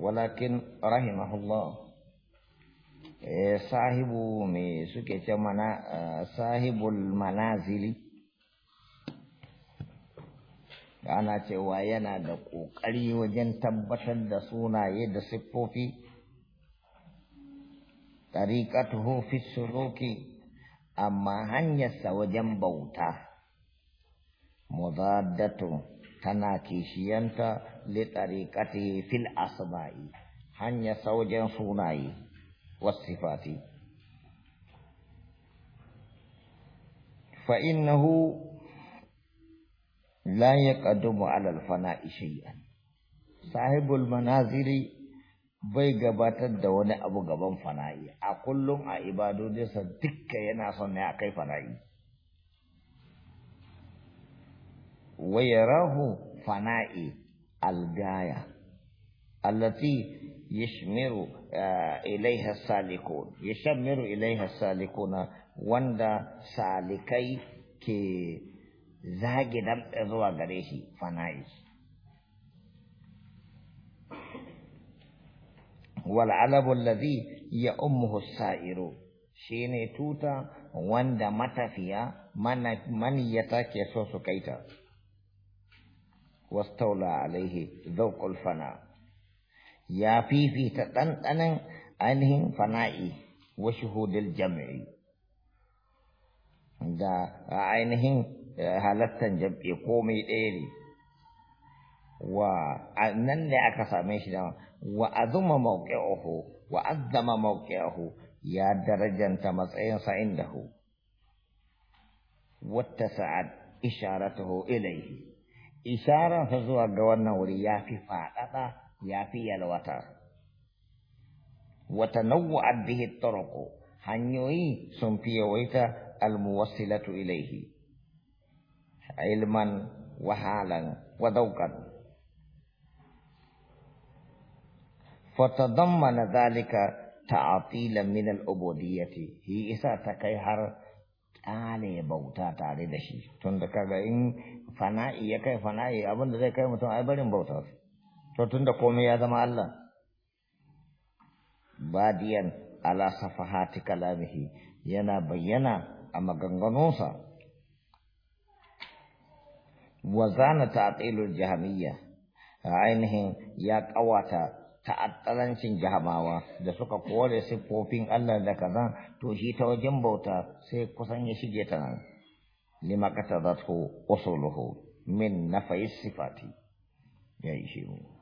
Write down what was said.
walakin rahimahullah sahibu me suke ce mana sahibul manazili ana cewa yana da ƙoƙari wajen tabbatar da sunaye da siffofi tariqatuhu fi suluki amma hanyarsa wajen bauta mudaddatu tana kishiyanta litarikati fil asma'i hanya saujan sunaye wasifati fa innahu la yaqaddumu ala al fana'i shay'an sahibul manaziri bai gabatar da wani abu gaban fana'i a kullum a ibadodinsa dukka yana son ne a kai fana'i Wayarahu fana'i al-gaya allati yashmiru ilaiha ilaiha salikuna wanda salikai ke zage dan zuwa gare shi fana'i wal alabu alladhi ya ummuhu sa'iru shine tuta wanda matafiya maniyyata ke so su kaita واستولى عليه ذوق الفناء يا في في تتنتن عنهم فنائي وشهود الجمع دا عينهم هلتا جمع قومي ديري وأنن لأكسا ميشنا وأذم موقعه وأذم موقعه يا درجا تمسعين سعنده واتسعت إشارته إليه isharansa zuwa ga wannan wuri ya fi faɗaɗa ya fi yalwata wata nau'u addihi tarako hanyoyi sun fi yawaita almuwassilatu ilaihi ilman wahalan wa فتضمن ذلك تعطيلا من العبودية هي إسا تكيهر ƙale bauta tare da shi tun da kaga in fana'i ya kai fana'i abinda zai kai mutum ai barin bauta to tun da komai ya zama Allah badiyan ala safahati kalamihi yana bayyana a maganganunsa wa zana ta'tilul a ainihin ya ƙawata ta'attalancin jahamawa da suka kore siffofin Allah da kaza to shi ta wajen bauta sai kusan ya shige ta nan lima katadatu usuluhu min nafayi sifati ya yi shi mu